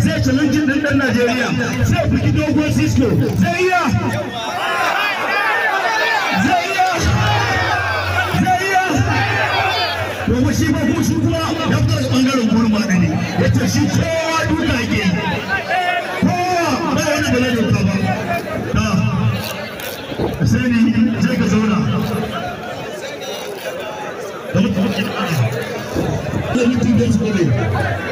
zai challenge din dan Najeriya zai buki dogon Cisco zai iya zai iya zai iya domin shi ba shi kuma ya fito daga bangaren gurma ne yace shi kowa duka yake kowa ba yana da lafiya ba da sai ni zai ka zauna da mutum ya ƙara da mutum ya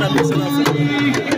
and listen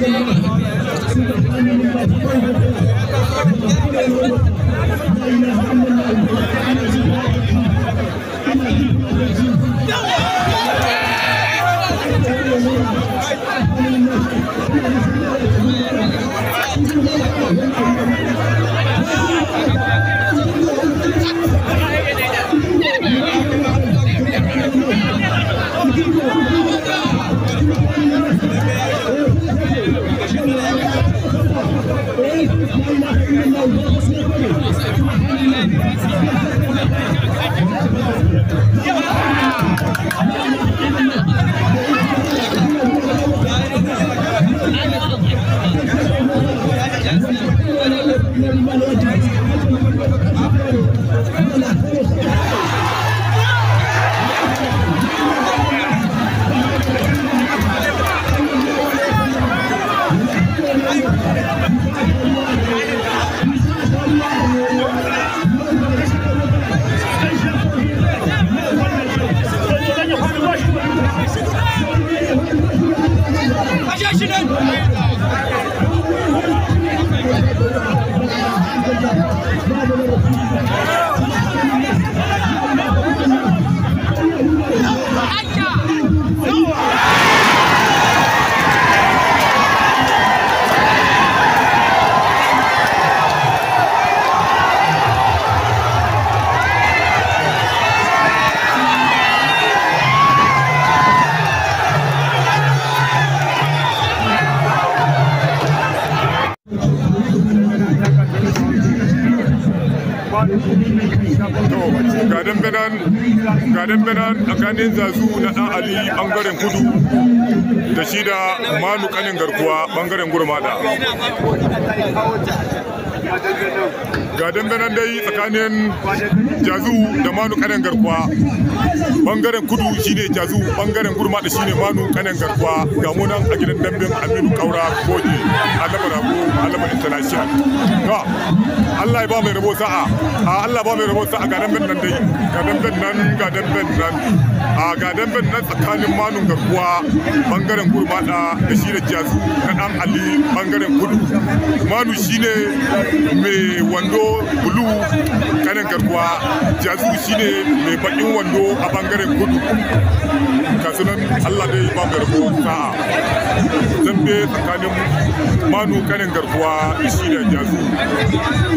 Thank you. dambe nan tsakanin zazu na ɗan ali ɓangaren kudu da shi da manu kanin garkuwa ɓangaren gurmada ga dambe nan dai tsakanin jazu da manu kanin garkuwa ɓangaren kudu shine jazu ɓangaren gurmada shine manu kanin garkuwa ga munan a gidan damben aminu kaura koje annabi rabu malama international to Allah ya ba mai rabo sa'a Allah ba mai rabo sa'a ga dan nan dai ga dan nan ga dan nan a ga dambe na tsakanin manun garkuwa bangaren gurbada da shi da jazu na dan ali bangaren kudu manu shine mai wando bulu kanin garkuwa jazu shine mai bakin wando a bangaren kudu kasunan allah da ba mai rabo sa'a dambe tsakanin manu kanin garkuwa da shi da jazu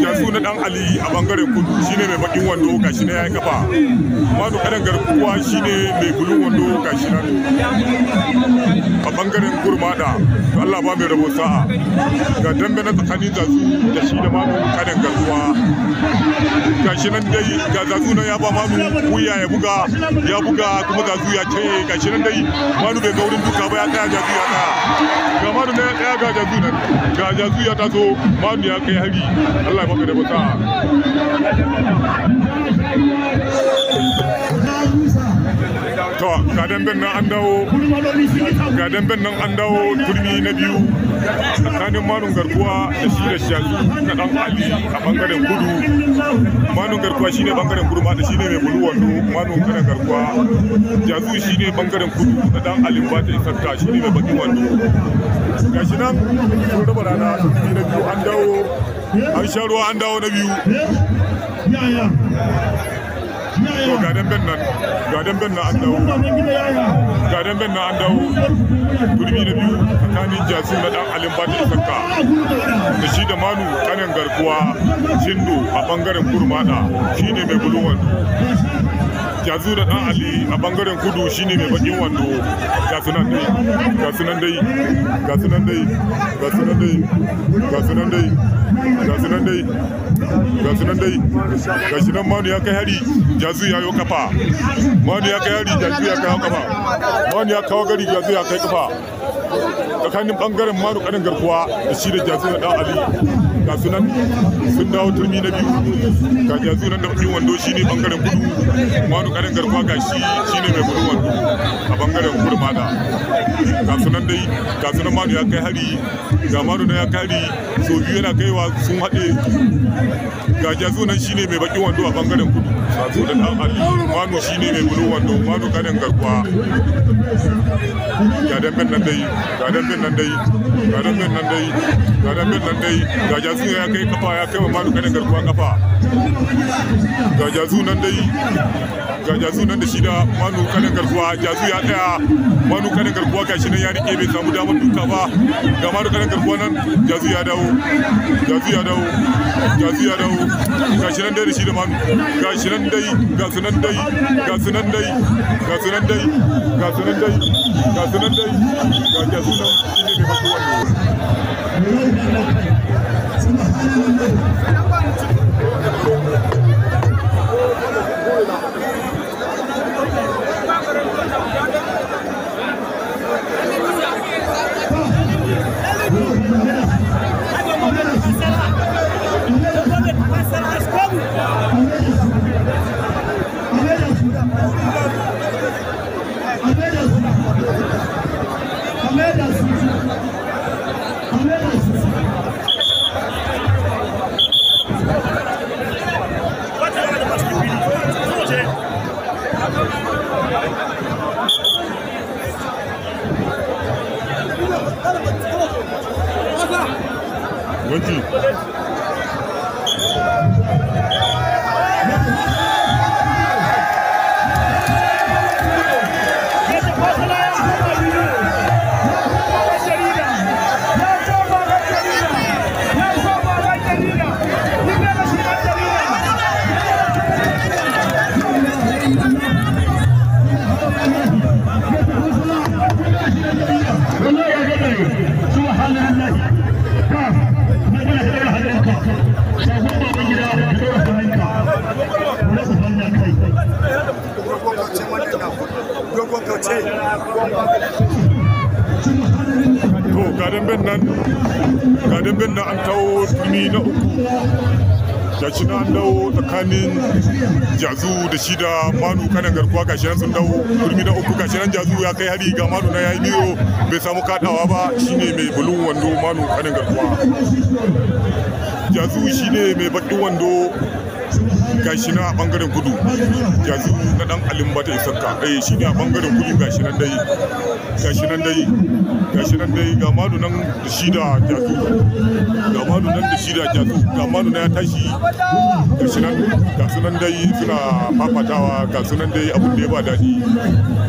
jazu na dan ali a bangaren kudu shine mai bakin wando shi na ya kafa manu kanin garkuwa shine mai bulu wando gashi nan a bangaren gurmada Allah ba mai rabo sa'a ga dambe na tsakanin zazu da shi da mamu kanin gazuwa gashi nan dai ga zazu nan ya ba mamu wuya ya buga ya buga kuma zazu ya ce gashi nan dai manu bai ga wurin duka ba ya tsaya zazu ya tsaya ga manu na ya tsaya ga zazu nan ga jazu ya taso manu ya kai hari Allah ya ba mai rabo sa'a ga damben nan an dawo ga damben nan an dawo turmi na biyu tsakanin manun garkuwa da shi da shazu na dan ali a bangaren kudu manun garkuwa shi ne bangaren kudu da shi ne mai bulu wando manun karen garkuwa shazu shi ne bangaren kudu na dan ali ba ta isarta shi ne mai bakin wando ga shi nan sun raba rana turmi na biyu an dawo an sha ruwa an dawo na biyu to ben nan ben nan an dawo ben nan gurbi da biyu tsakanin jasin na dan alin bata isakka da shi da manu kanin garkuwa jindo a bangaren kurmada shine mai bulwan jazu da dan ali a bangaren kudu shine mai bakin wando ga sunan dai ga sunan dai ga sunan dai ga sunan dai ga sunan dai ga nan dai ga su nan dai ga nan manu ya kai hari jazu ya yi kafa manu ya kai hari jazu ya kai kafa manu ya kawo gari jazu ya kai kafa tsakanin bangaren manu kanin garkuwa da shi da jazu na dan ali ga nan sun dawo turmi na biyu ga jazu nan da bakin wando shi ne bangaren kudu manu kanin garkuwa gashi shi ne mai kudu wando a bangaren kudu mada ga nan dai ga su nan manu ya kai hari ga manu na ya kai hari so biyu yana kaiwa sun haɗe ga jazo nan ne mai bakin wando a bangaren kudu sazo da ɗan ali wano ne mai bulu wando wano kanin garkuwa ga damben nan dai ga damben nan dai ga damben nan dai ga damben nan dai ga jazo ya kai kafa ya kai wa wano kanin garkuwa kafa ga jazo nan dai ga jazu nan da shi da manu kanin garkuwa jazu ya tsaya manu kanin garkuwa gashi nan ya rike bai samu damar duka ba ga manu kanin garkuwa nan jazu ya dawo gazi ya dawo gazi ya dawo ga shi nan dai da shi da manu ga shi nan dai ga su nan dai ga su nan dai ga su nan dai ga su nan dai ga su nan dai ga ga su nan shi ne mai wannan to ga dambin nan ga an kawo turmi na uku da shi na an dawo tsakanin jazu da shi da manu kanan garkuwa ga shi sun dawo turmi na uku ga shi jazu ya kai hari ga manu na yi biyo bai samu kadawa ba shine mai bulun wando manu kanan garkuwa jazu shine mai bakin wando gashi na a bangaren kudu jazu na dan alimba ta isarka eh shi ne a bangaren kudu gashi nan dai gashi nan dai gashi nan dai ga madu nan da shi da jazu ga madu nan da shi da jazu ga madu na ya tashi gashi nan ga nan dai suna fafatawa ga su nan dai abin da ya ba daɗi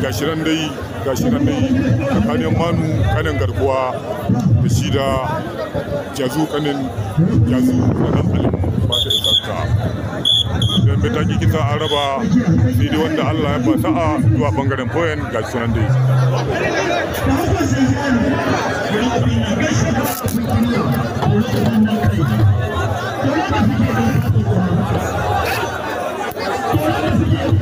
gashi nan dai gashi nan dai tsakanin manu kanin garkuwa da shi da jazu kanin jazu na dan alimba bai taki kisa an raba sai dai wanda Allah ya ba a zuwa bangaren foyen ga sunan dai Thank you.